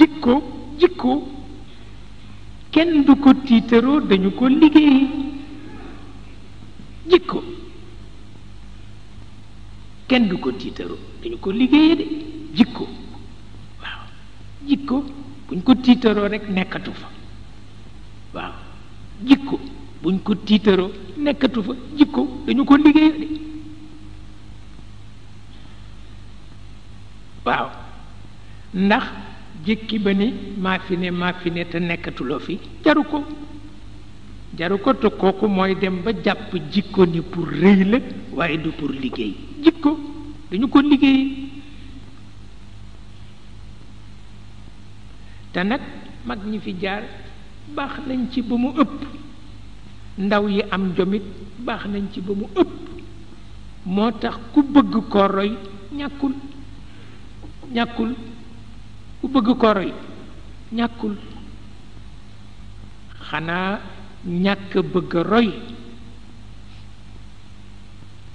jikko jikko kenn du ko tiitaroo dañu ko liggéey jikko kenn du ko tiitaroo dañu ko liggéeye de jikko waaw jikko buñ ko tiitaroo rekk nekkatu fa waaw jikko buñ ko tiitaroo nekkatu fa jikko dañu ko liggéeye de waaw ndax jekki bani ma fi ne ma fi ne te lo fi jaruko jaruko to koku moy dem ba japp jikko ni pour rëy la waye du pour liggey jikko dañu ko liggey ta nak mag ñi fi jaar bax nañ ci ba mu ndaw yi am jomit bax nañ ci mu ku bëgg ko roy ñakul ñakul ku bëgg ko roy ñàkkul xanaa ñàkk bëgg a roy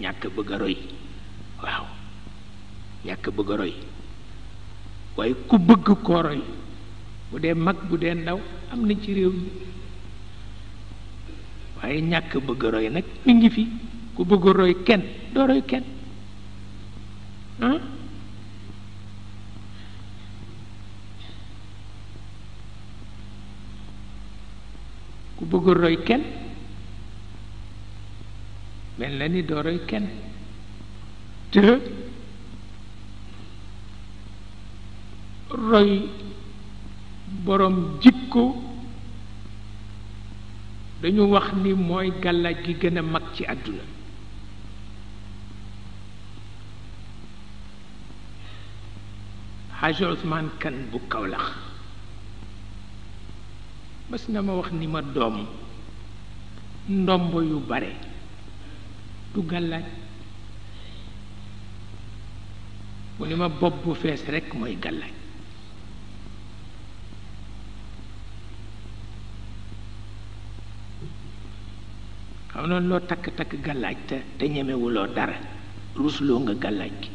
ñàkk bëgg a roy waaw ñàkk bëgg a roy waaye ku bëgg ko roy bu dee mag bu dee ndaw am na ci réew mi waaye ñàkk bëgg a roy nag mi ngi fi ku bëgg roy kenn doo roy kenn ku bëgg roy kenn mel na ni doo roy kenn te roy borom jikko dañu wax ni mooy gàllaaj gi gën a mag ci àdduna xaaji Ousmane Kan bu Kawlax mas na ma wax ni ma doom ndombo yu bare du gàllaaj mu ni ma bopp bu fees rekk mooy gàllaaj xam noonu loo takk takk gàllaaj te te ñemewuloo dara ruusloo nga gàllaaj gi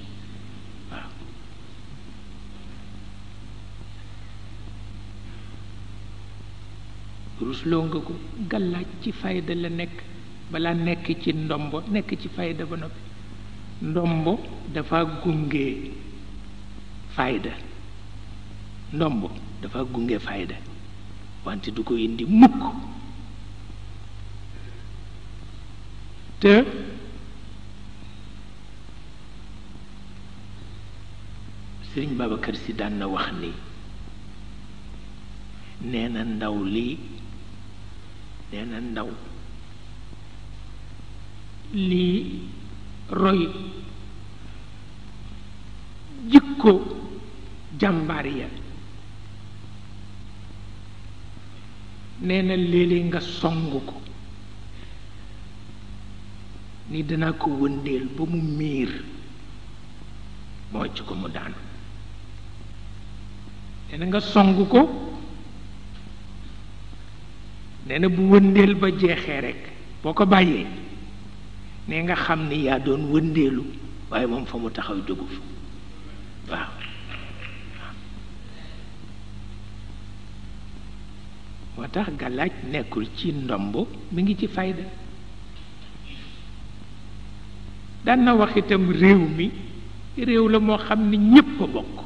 rusloo nga ko gàllaaj ci fayda la nekk balaa nekk ci ndombo nekk ci fayda ba noppi ndombo dafa gunge fayda ndombo dafa gunge fayda wante du ko indi mukk te sëriñ Babacar si daan na wax ni nee na ndaw lii nee na ndaw lii roy jikko jàmbaar ya nee na léeg nga song ko ni dina ko wëndeel ba mu miir moo ci ko mu daanu nee na nga song ko nee na bu wëndeel ba jeexee rekk boo ko bàyyee ne nga xam ni yaa doon wëndeelu waaye moom fa mu taxaw jógu fa waaw moo tax gàllaaj nekkul ci ndomb mu ngi ci fayda daan na wax itam réew mi réew la moo xam ni ñépp a bokk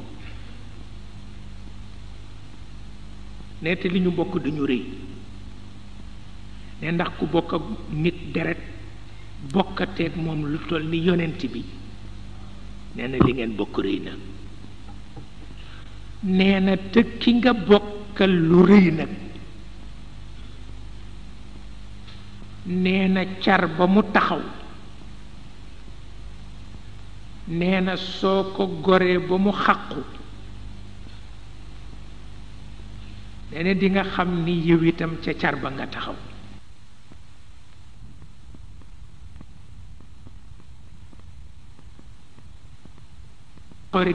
ne te li ñu bokk duñu rëy ne ndax ku bokk ak nit deret bokkateeg moom lu toll ni yonent bi nee na li ngeen bokk rëy na nee na te ki nga bokkal lu rëy nag nee na car ba mu taxaw nee na soo ko goree ba mu xàqu nee na di nga xam ni yow itam ca car ba nga taxaw but it